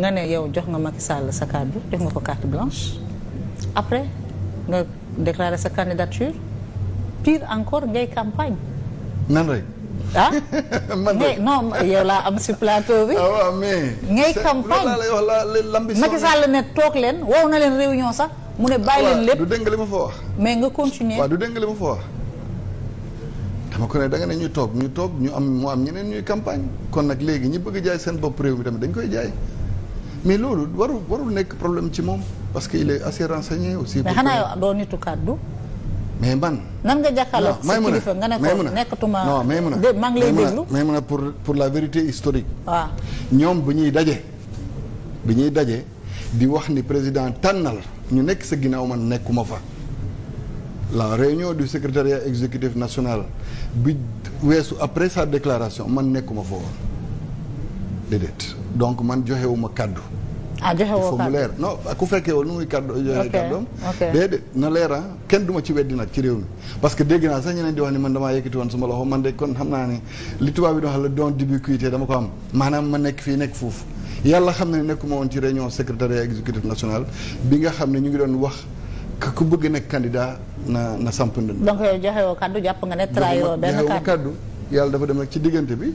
nga ne yow jox nga Macky Sall sa kàddu jox nga ko carte blanche après nga déclarer sa candidature pire encore ngay campagne. nan rek. ah man de non yow laa am si plateau bi. ah waaw mais. ngay campagne Macky Sall ne toog leen wow na leen réunion sax mu ne bàyyi leen lépp. du dégg li ma fa wax. mais nga continuer waaw du dégg li ma fa wax. dama ko ne da ne ñu toog ñu toog ñu am mu am ñeneen ñuy campagne kon nag léegi ñi bëgg jaay seen bopp réew mi tamit dañ koy jaay. mais loolu warul warul nekk problème ci moom parce que il est assez renseigné aussi. mais xanaa yow doo nitu kàddu. mais man. nan nga jàkkaarloog sa kilifa nga ne ko nekkatuma. non may mun a dégg maa ngi lay déglu a pour pour la vérité historique. waaw ñoom bu ñuy dajee bu ñuy daje di wax ni président tànnal ñu nekk sa ginnaaw man nekkuma fa. la réunion du secrétariat exécutif national bi weesu après sa déclaration man nekkuma foofu. déedéet donc man joxewuma kàddu ah joxewoo kàddu il faut mu leer non ku fekkee woon nu muy kàddu joxe eh, kàddoom déedéet na leer ah. kenn du ma ci weddi nag ci réew mi parce que dégg naa sax ñeneen di wax ni man damaa yëkkati woon sama loxo man de kon xam naa ne li tubaab bi doon xam la don d'ubiquité dama ko am maanaam ma nekk fii nekk foofu yàlla xam ne nekkuma woon ci réunion secrétariat exécutif national bi nga xam ne ñu ngi doon wax ku bëgg nekk candidat na na samp ndënd donc yow eh, joxewoo kàddu jàpp nga ne trahiroo benn dem rek ci diggante bi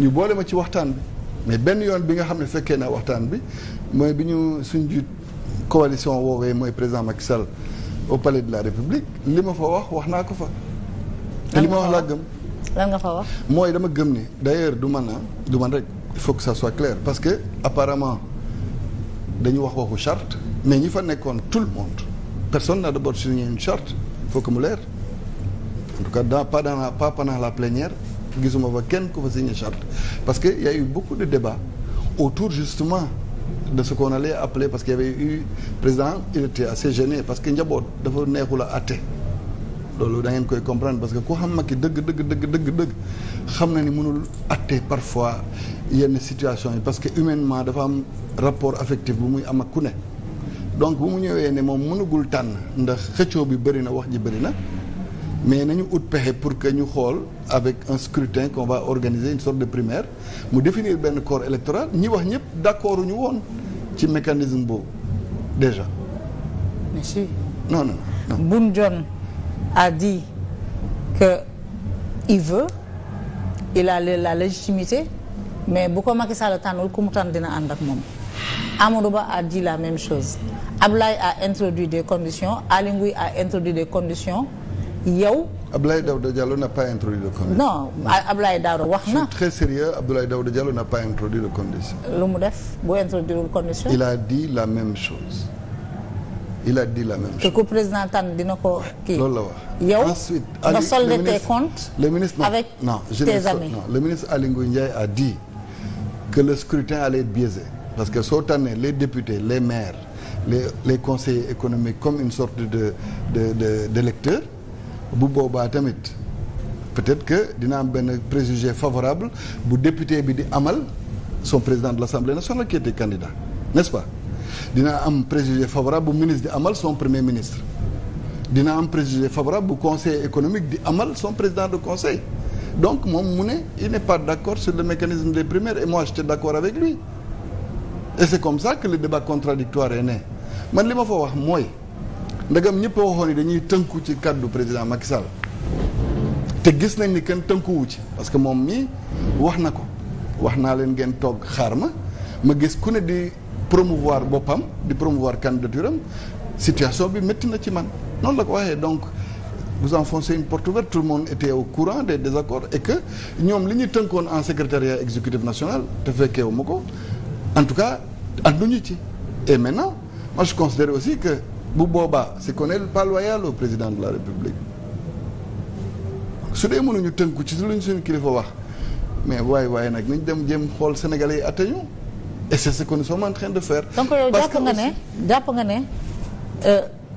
ñu boole ma ci waxtaan bi mais benn yoon bi nga xam ne fekkee na waxtaan bi mooy bi ñu suñ jiit coalition woowee mooy président Macky Sall au palais de la République li ma fa wax wax naa ko fa. te li ma wax laa gëm. lan nga mooy dama gëm ni d'ailleurs du man ah du man rek il faut que ça soit clair parce que apparemment dañu wax waxu charte mais ñi fa nekkoon tout le monde personne n'a d'abord signé une charte il faut que mu leer en tout cas dans pas dans la pas pendant la plénière. gisuma fa kenn ku fa signé charte parce que y a eu beaucoup de débats autour justement de ce qu'on allait appeler parce que y avait président il était assez gêné parce que njaboot dafa neexul a àtte loolu da ngeen koy comprendre parce que ku xam Macky dëgg dëgg dëgg dëgg dëgg xam na ni mënul àtte parfois yenn situation yi parce que humainement dafa am rapport affectif bu muy am ak ku ne donc bu mu ñëwee ne moom mënagul tànn ndax xëccoo bi bëri na wax ji bëri na mais nañu ut pexe pour que ñu xool avec un scrutin qu'on va organiser une sorte de primaire mu définir benn corps électoral ñi wax ñëpp d'accord ñu woon ci mécanisme boobu déjà. monsieur. non non non. Boun Dionne a dit que il veut il a la légitimité mais bu ko Macky Sall tànnul ku mu tànn dina ànd ak moom. Amadou Ba a dit la même chose Ablaye a introduit des condition Aly Ngouille a introduit des conditions. yow. Abdoulaye Daouda Diallo n'a pas introduit de condition. non wax na. je suis très sérieux Abdoulaye Daouda Diallo n'a pas introduit de lu mu def bu introduire condition. il a dit la même chose il a dit la même chose. te ku président tànn dina ko kii. la wax yow ensuite. nga le ministre non avec non, le ministre Aly Ngouille Ndiaye a dit que le scrutin allait être parce que soo tànnee les députés les maires les les conseillers économiques comme une sorte de de de d'électeurs bu boobaa tamit peut-être que dina am benn préjugé favorable bu député bi di amal soo président de l'Assemblée nationale qui était candidat n'est-ce pas dina am préjugé favorable bu ministre di amal son premier ministre dina am préjugé favorable bu conseil économique di amal son président de conseil donc moom mu ne il n'est pas d'accord sur le mécanisme des primaires et moi j'étais d'accord avec lui et c'est comme ça que le débat contradictoire man li ma fa wax mooy ndegam ñëpp a waxoon ni dañuy tënku ci kàddu président Macky Sall te gis nañ ni kenn tënkuwu ci parce que moom mii wax na ko wax naa leen ngeen toog xaar ma ma gis ku ne di promouvoir boppam di promouvoir candidature am situation bi métti na ci man noonu la ko waxee donc vous enfoncez une porte ouverte tout le monde était au courant des désaccords et que ñoom li ñu tënkoon en secrétariat exécutif nationale te fekkeewu ma ko en tout cas ñu ci et maintenant moi je aussi que bu boobaa c'est qu'on n'est pas loyal au président de la république su dee mënuñu tënku ci luñ suñu kilifa wax mais waay waaye nag nañ dem jéem xool sénégalais yi atte ñu et c'est ce que nous sommes en train de faire. donc jàpp nga ne jàpp nga ne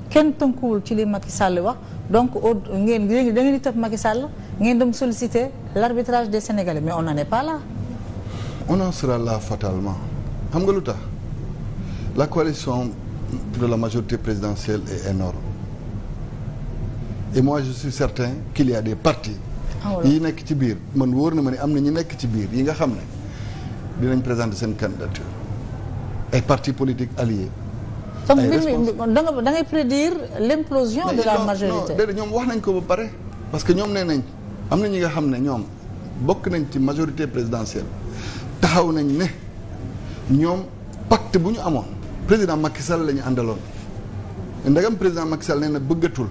kenn tënkuwul ci li Macky Sall wax donc ngeen léegi da ngeen di topp Macky Sall ngeen dem solliciter l'arbitrage de sénégalais mais on n'en ne pas là. on en sera là fatalement xam nga lu tax la coalition. de la majorité présidentielle est énorme et mois je suis certain qu'il y a des ah, yi nekk ci biir man wóor na ma ne am na ñi nekk ci biir yi nga xam ne dinañ présenter seen candidature ay partis politiques alliés donc mbir mi da nga prédire l'implosion de la majorité non déedéet ñoom wax nañ ko ba pare parce que ñoom nee nañ am na ñi nga xam ne ñoom bokk nañ ci majorité présidentielle taxaw nañ ne ñoom pacte bu ñu amoon président Macky Sall la ñu àndaloon ndegam président Macky Sall nee na bëggatul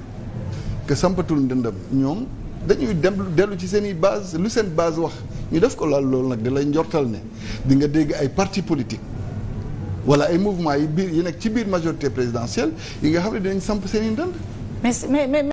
que sampatul ndëndam ñoom dañuy dem dellu ci seen i base lu seen base wax ñu def ko lal loolu nag di lay njortal ne di nga dégg ay parti politique wala ay mouvement yi biir yi nekk ci biir majorité présidentielle yi nga xam ne dinañ samp seen i ndënd